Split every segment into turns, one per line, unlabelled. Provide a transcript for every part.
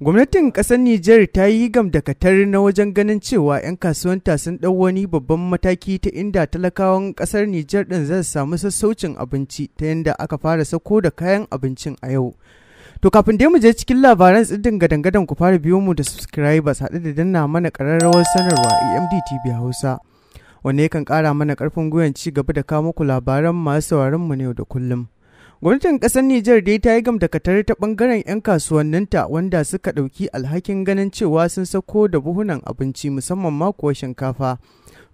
Gwamnatin kasar Nijar ta yi gamdakatar na wajen ganin cewa 'yan kasuwanta sun ɗau wani babban mataki ta inda talakawan kasar Nijar ɗin zai samu sassaucin abinci ta yadda aka fara sako da kayan abincin a yau. To kafin dai mu je cikin labaran tsindin gadan-gadan ku fara biyo mu da subscribers haɗu da danna mana ƙararrawar sanarwa EMD TV Hausa. Wanne yakan ƙara mana ƙarfin gwiwan ci gaba da kawo muku labaran masu sauraron mu ne da kullum. Gwamnatin ƙasar Nijar dai ta yi gamdakatar ta bangaren 'yan kasuwanninta wanda suka ɗauki alhakin ganin cewa sun sako da buhunan abinci musamman ma kuwa shinkafa.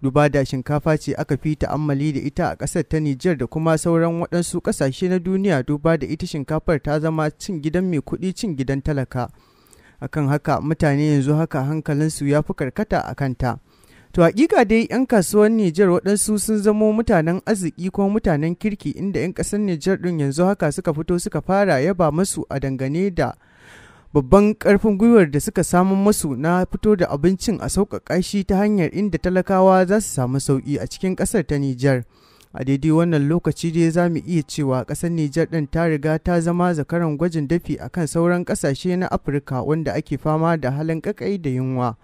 Duba da shinkafa ce aka fi ta'ammali da ita a ƙasar ta Nijar da kuma sauran waɗansu ƙasashe na duniya duba da ita shinkafar ta zama cin gidan mai kuɗi cin gidan talaka. Akan haka mutane yanzu haka hankalinsu ya fi karkata a kanta. To hakika dai 'yan kasuwar Nijar waɗansu sun zamo mutanen arziki ko mutanen kirki inda 'yan ƙasar Nijar ɗin yanzu haka suka fito suka fara yaba masu a dangane da babban ƙarfin gwiwar da suka samu masu na fito da abincin a sauƙaƙa shi ta hanyar inda talakawa za su samu sauƙi a cikin ƙasar ta Nijar. a daidai wannan lokaci dai za mu iya cewa ƙasar Nijar ɗin ta riga ta zama zakaran gwajin dafi akan sauran ƙasashe na Afirka wanda ake fama da halin ƙaƙai da yunwa.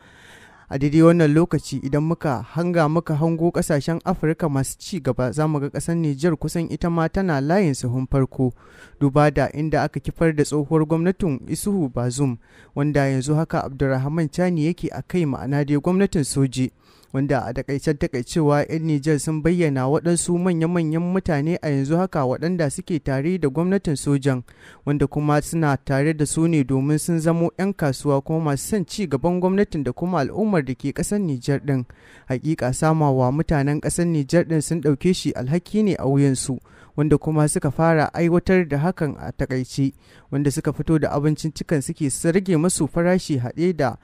a daidai wannan lokaci idan muka hanga muka hango kasashen afirka masu ci gaba za mu ga kasar nijar kusan ita ma tana layin sahun farko duba da inda aka kifar da tsohuwar gwamnatin isuhu bazum wanda yanzu haka abdulrahman chani yake a kai ma'ana dai gwamnatin soji wanda a takaice takaicewa 'yan Nijar sun bayyana waɗansu manya-manyan mutane a yanzu haka waɗanda suke tare da gwamnatin sojan wanda kuma suna tare da su ne domin sun zamo 'yan kasuwa kuma masu son ci gaban gwamnatin da kuma al'ummar da ke ƙasar Nijar ɗin. Hakika samawa mutanen ƙasar Nijar ɗin sun ɗauke shi alhaki ne a wuyansu. wanda kuma suka fara aiwatar da hakan a takaice wanda suka fito da abincin cikan suke rage masu farashi haɗe da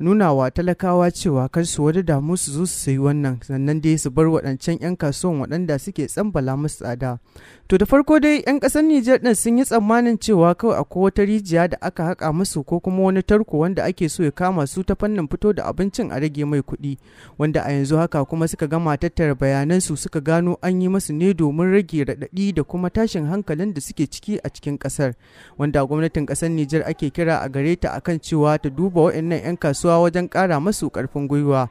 nunawa talakawa cewa kar su wani damu su zo su sayi wannan sannan dai su bar waɗancan 'yan kasuwan waɗanda suke tsambala musu tsada to da farko dai 'yan ƙasar nijar ɗin sun yi tsammanin cewa kawai akwai wata rijiya da aka haƙa musu ko kuma wani tarko wanda ake so ya kama su ta fannin fito da abincin a rage mai kuɗi wanda a yanzu haka kuma suka gama tattara bayanan su suka gano an yi musu ne domin rage raɗaɗi da kuma tashin hankalin da suke ciki a cikin ƙasar wanda gwamnatin ƙasar nijar ake kira a gare ta akan cewa ta duba waɗannan 'yan kasuwa taimakawa wajen kara masu karfin gwiwa.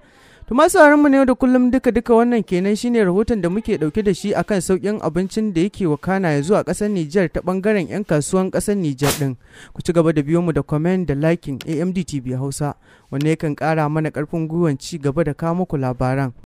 To masu mu ne da kullum duka duka wannan kenan shine rahoton da muke dauke da shi akan saukin abincin da yake wakana ya zuwa kasar Nijar ta bangaren 'yan kasuwan kasar Nijar din. Ku ci gaba da biyo mu da comment da liking AMD TV Hausa wanda yakan kara mana karfin gwiwan ci gaba da kawo muku labaran.